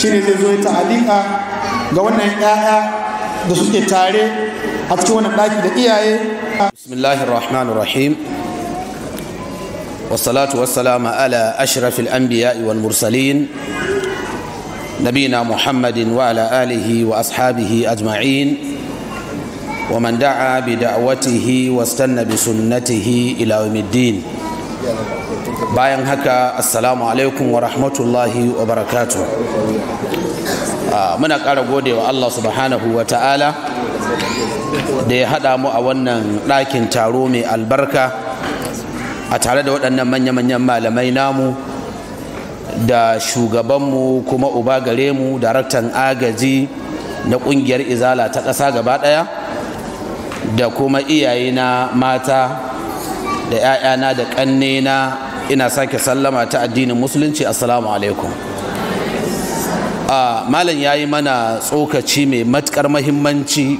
shine zai zo ya ta'alika ga wannan 'ya'ya da suke tare a cikin wannan ɗaki da iyaye bismillahir rahmanir rahim wassalatu wassalamu ala ashrafil anbiya'i wal mursalin nabina muhammadin wa ala alihi wa ashabihi ajma'in wa man da'a bi da'watihi wastanna bi sunnatihi bayan haka assalamu alaikum wa rahmatullahi wa barakatu ah, muna ƙara gode wa allah subhanahu wa ta'ala da ya haɗa mu a wannan ɗakin taro mai albarka a tare da waɗannan manya-manyan malamai namu da shugabanmu kuma uba gare mu daraktan agaji na ƙungiyar izala ta ƙasa gaba ɗaya da kuma iyayena mata da 'ya'yana da ƙannena ina sake sallama ta addinin musulunci assalamu alaikum malam ya yi mana tsokaci mai matukar mahimmanci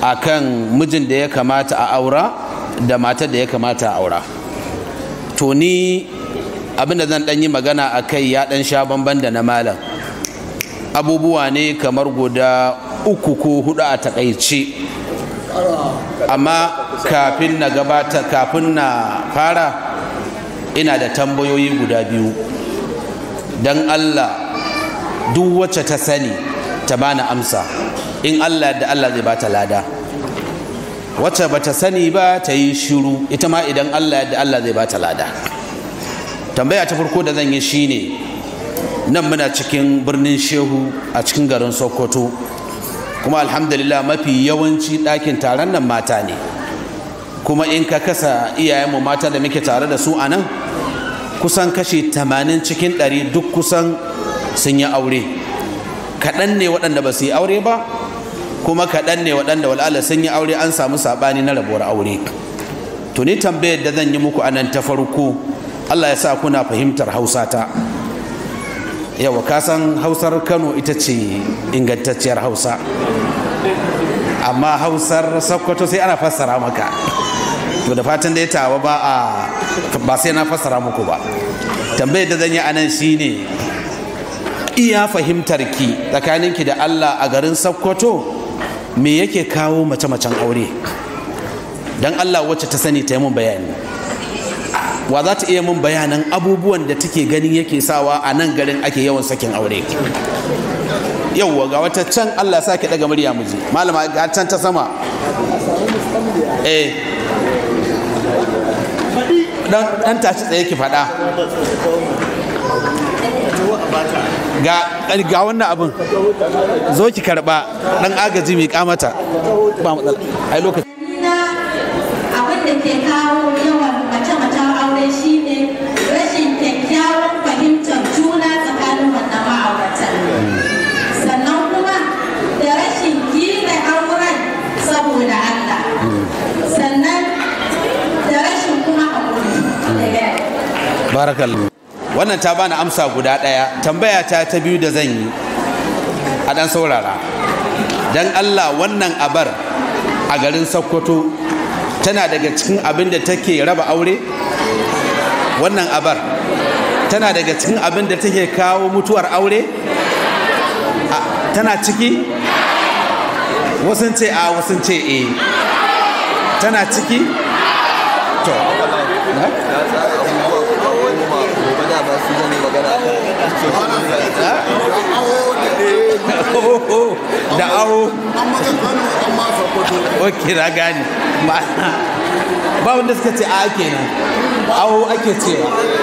a kan mijin da ya kamata a aura da matar da ya kamata a aura to ni abinda zan dan yi magana a kai ya dan sha bamban da na malam abubuwa ne kamar guda uku ko hudu a takaice amma kafin na gabata kafin na fara ina da tambayoyi guda biyu don allah duk wacce ta sani ta bani amsa in allah da allah zai bata lada wacce ba ta sani ba ta yi shiru ita ma idan allah da allah zai bata lada tambaya ta farko da zan yi shine nan muna cikin birnin shehu a cikin garin sokoto kuma alhamdulillah mafi yawanci ɗakin taron nan mata ne kuma in ka kasa iyayenmu mata da muke tare da su a nan kusan kashi 80 cikin 100 duk kusan sun yi aure kaɗan ne waɗanda ba su yi aure ba kuma kaɗan ne waɗanda wal'ala sun yi aure an samu saɓani na rabuwar aure Tuni tambayar da zan yi muku a nan ta farko allah ya sa kuna fahimtar hausa ta yawa kasan hausar kano ita ce ingantacciyar hausa amma hausar sokoto sai ana fassara maka to da fatan da ya tawa ba a ba sai na fassara muku ba tambayar da zan yi anan shine iya fahimtar ki tsakaninki da Allah a garin Sokoto me yake kawo mace-macen aure dan Allah wacce ta sani ta yi mun bayani wa za ta iya mun bayanan abubuwan da take ganin yake sawa a nan garin ake yawan sakin aure yauwa ga wata can Allah sake daga murya muji malama ga can ta sama eh dan tashi tsaye ki faɗa ga wannan abin zo ki karba dan agaji mai kamata ba matsala ai lokaci abin da ke kawo yau barakallu wannan ta bani amsa guda ɗaya tambaya ta ta biyu da zan yi a ɗan saurara don allah wannan abar a garin sokoto tana daga cikin abin da take raba aure wannan abar tana daga cikin abin da take kawo mutuwar aure tana ciki wasu ce a wasu ce e tana ciki to Oh, oh, da aho ok na gane ba wanda suka ce a ake nan aho ake ce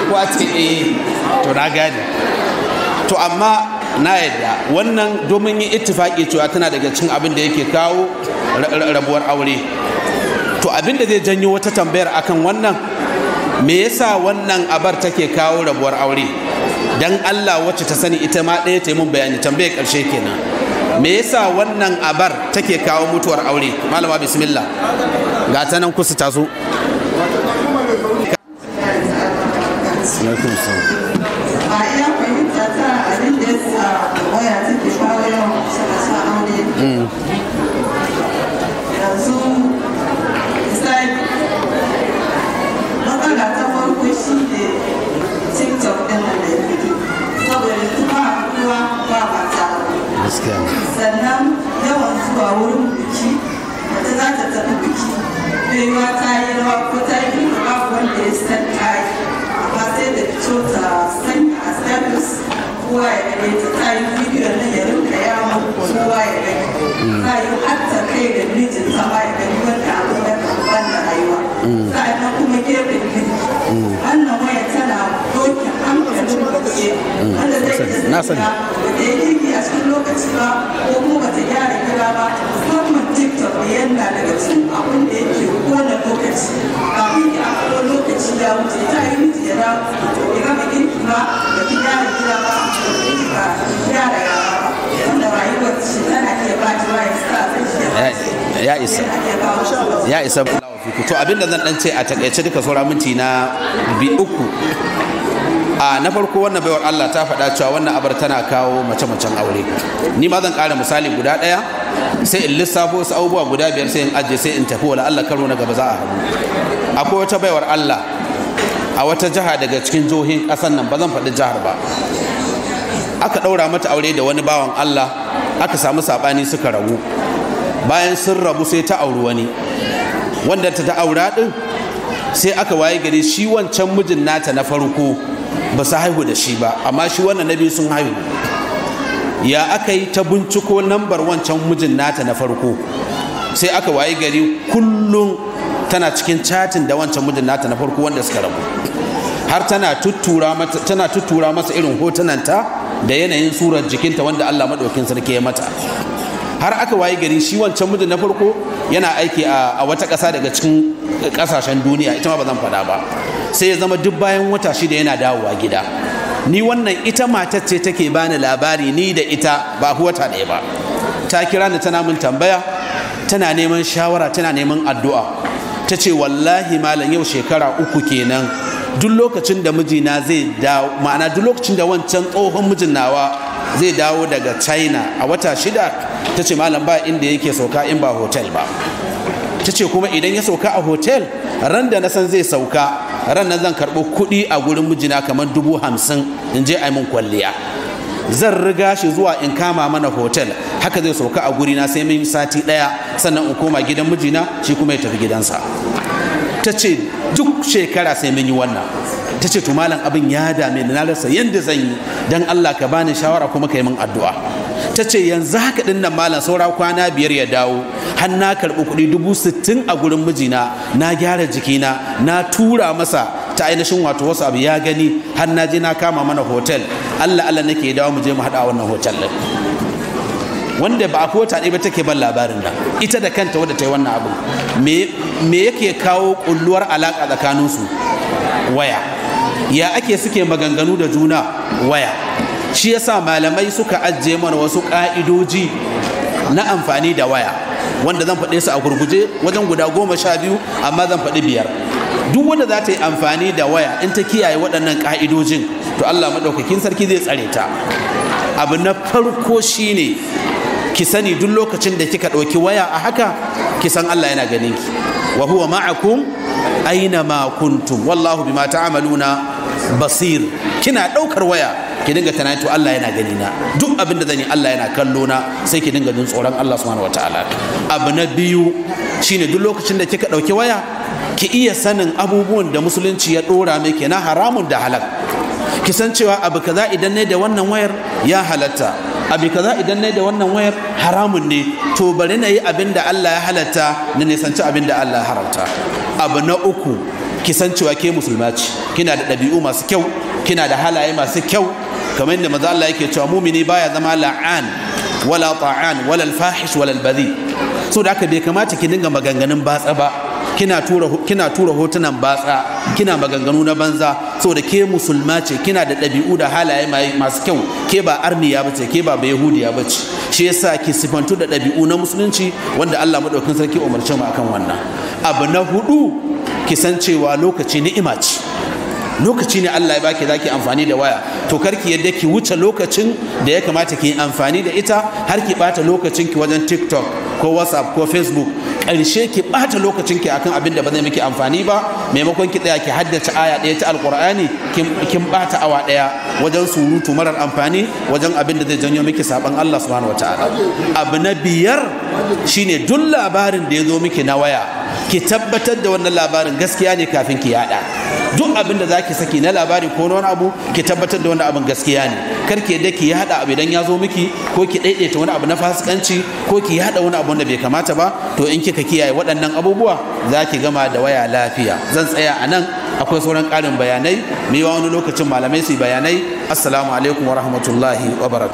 ko ce eh to na gane to amma na yadda wannan domin yin ittifaki cewa tana daga cin abin da yake kawo rabuwar aure to abin da zai janyo wata tambayar akan wannan me yasa wannan abar take kawo rabuwar aure dan Allah wacce ta sani ita ma ɗaya ta yi mun bayani tambayar ƙarshe kenan me yasa wannan abar take kawo mutuwar aure malama bismillah ga ta nan kusa ta zo za ta tafi biki baiwa ta yi rawa ko ta yi kuma babu wanda ya san ta yi amma sai da fito ta sani a status kowa ya gane ta ta yi bidiyon na ya rinka yawon kowa ya gani ta yi hatta kai da mijin ta ba ya gani wanda abin da kan banda rayuwa mm. na kuma gefen gidi mm. wannan waya tana dokin hankalin mace mm. wanda zai yi. sanya da ya girki a cikin lokaci ba ko kuma ba ta gyara gida ba musamman tiktok da daga cikin abin da yake kowane lokaci ba kafin yi akwai lokaci da wuce ta yi miji ya dawo ya gama girki ba da fi da gida ba a cikin fi ba da yawa ba wanda rayuwar shi tana iya ba ta waye sa zai ya isa ya isa to abinda zan dan ce a takaice duka saura minti na bi uku a na farko wannan baiwar Allah ta faɗa cewa wannan abar tana kawo mace-macen aure ni ma zan ƙara misali guda ɗaya sai in lissafo wasu abubuwa guda biyar sai in ajiye sai in tafi wala Allah karo na gaba za a hagu akwai wata baiwar Allah a wata jiha daga cikin jihohin ƙasar nan ba zan faɗi jihar ba aka ɗaura mata aure da wani bawan Allah aka samu saɓani suka rabu bayan sun rabu sai ta auri wani wanda ta ta aura ɗin sai aka waye gari shi wancan mijin nata na farko ba su haihu da shi ba amma shi wannan na biyu sun haihu ya aka yi ta binciko lambar wancan mijin nata na farko sai aka wayi gari kullum tana cikin chatin da wancan mijin nata na farko wanda suka rabu har tana tuttura masa irin hotunanta da yanayin surar jikinta wanda Allah maɗaukin sarki ya mata har aka wayi gari shi wancan mijin na farko yana aiki a wata ƙasa daga cikin ƙasashen duniya ita ma ba zan faɗa ba sai ya zama duk bayan wata shida yana dawowa gida ni wannan ita matar ce take bani labari ni da ita ba huwata ɗaya ba ta kira ni tana min tambaya tana neman shawara tana neman addu'a ta ce wallahi malam yau shekara uku kenan duk lokacin da mijina zai dawo ma'ana duk lokacin da wancan tsohon mijin nawa zai dawo daga china a wata shida ta ce malam ba inda yake sauka in ba hotel ba ta ce kuma idan ya sauka a hotel ran da na san zai sauka ran nan zan karɓo kuɗi a gurin mijina kamar dubu hamsin in je a min kwalliya zan riga shi zuwa in kama mana hotel haka zai sauka a gurina sai mun sati ɗaya sannan in koma gidan mijina shi kuma ya tafi gidansa ta ce duk shekara sai mun yi wannan ta ce to abin ya dame na rasa yadda zan yi don Allah ka bani shawara kuma ka yi min addu'a ta ce yanzu haka ɗin nan malam saura kwana biyar ya dawo har na karɓi kuɗi dubu sittin a gurin mijina na gyara jikina na tura masa ta ainihin wato wasu abu ya gani har na je na kama mana hotel allah allah nake dawo mu je mu haɗa wannan hotel ɗin wanda ba a kota ɗaya ba take ban labarin nan ita da kanta wadda ta yi wannan abu me yake kawo ƙulluwar alaƙa tsakaninsu waya ya ake suke maganganu da juna waya shi yasa malamai suka ajiye mana wasu ƙa'idoji na amfani da waya wanda zan faɗe su a gurguje wajen guda goma sha biyu amma zan faɗi biyar duk wanda za ta yi amfani da waya in ta kiyaye waɗannan ƙa'idojin to allah maɗaukakin sarki zai tsare ta abu na farko shine ki sani duk lokacin da kika ɗauki waya a haka ki san allah yana ganin ki wa huwa ma'akum aina ma kuntum wallahu bima ta'maluna basir kina ɗaukar waya ki dinga tunani to Allah yana gani na duk abin da zan yi Allah yana kallo na sai ki dinga jin tsoron Allah subhanahu wataala abu na biyu shine duk lokacin da kika dauki waya ki iya sanin abubuwan da musulunci ya dora miki na haramun da halal ki san cewa abu kaza idan ne da wannan wayar ya halatta abu kaza idan ne da wannan wayar haramun ne to bari na yi abin Allah ya halatta na nisanci abin da Allah ya haramta abu na uku ki san cewa ke musulma ce kina da ɗabi'u masu kyau kina da halaye masu kyau kamar yadda maza Allah yake cewa mumini baya zama la'an wala ta'an wala alfahish wala albadhi so da haka bai kamata ki dinga maganganun batsa ba kina tura kina tura hotunan batsa kina maganganu na banza da ke musulma ce kina da ɗabi'u da halaye masu kyau ke ba arniya ba ce ke ba yahudiya ba ce shi yasa ki sifantu da ɗabi'u na musulunci wanda Allah madaukakin sarki umarce mu akan wannan abu na hudu ki san cewa lokaci ni'ima ce lokaci ne Allah ya baki zaki amfani da waya to karki yadda ki wuce lokacin da ya kamata ki amfani da ita har ki bata lokacin ki wajen TikTok ko WhatsApp ko Facebook karshe ki bata lokacin ki akan abin da ba zai miki amfani ba maimakon ki tsaya ki haddace aya daya ta Alkur'ani kin bata awa daya wajen surutu marar amfani wajen abin da zai janyo miki saban Allah subhanahu wataala abu na biyar shine duk labarin da ya zo miki na waya ki tabbatar da wannan labarin gaskiya ne kafin ki yada duk abin da zaki saki na labari ko wani abu ki tabbatar da wani abin gaskiya ne kar ki yadda ki yada abu idan ya zo miki ko ki daidaita wani abu na fasikanci ko ki yada wani abu da bai kamata ba to in kika kiyaye waɗannan abubuwa zaki gama da waya lafiya zan tsaya a nan akwai sauran ƙarin bayanai mai wani lokacin malamai su bayanai assalamu alaikum wa rahmatullahi wa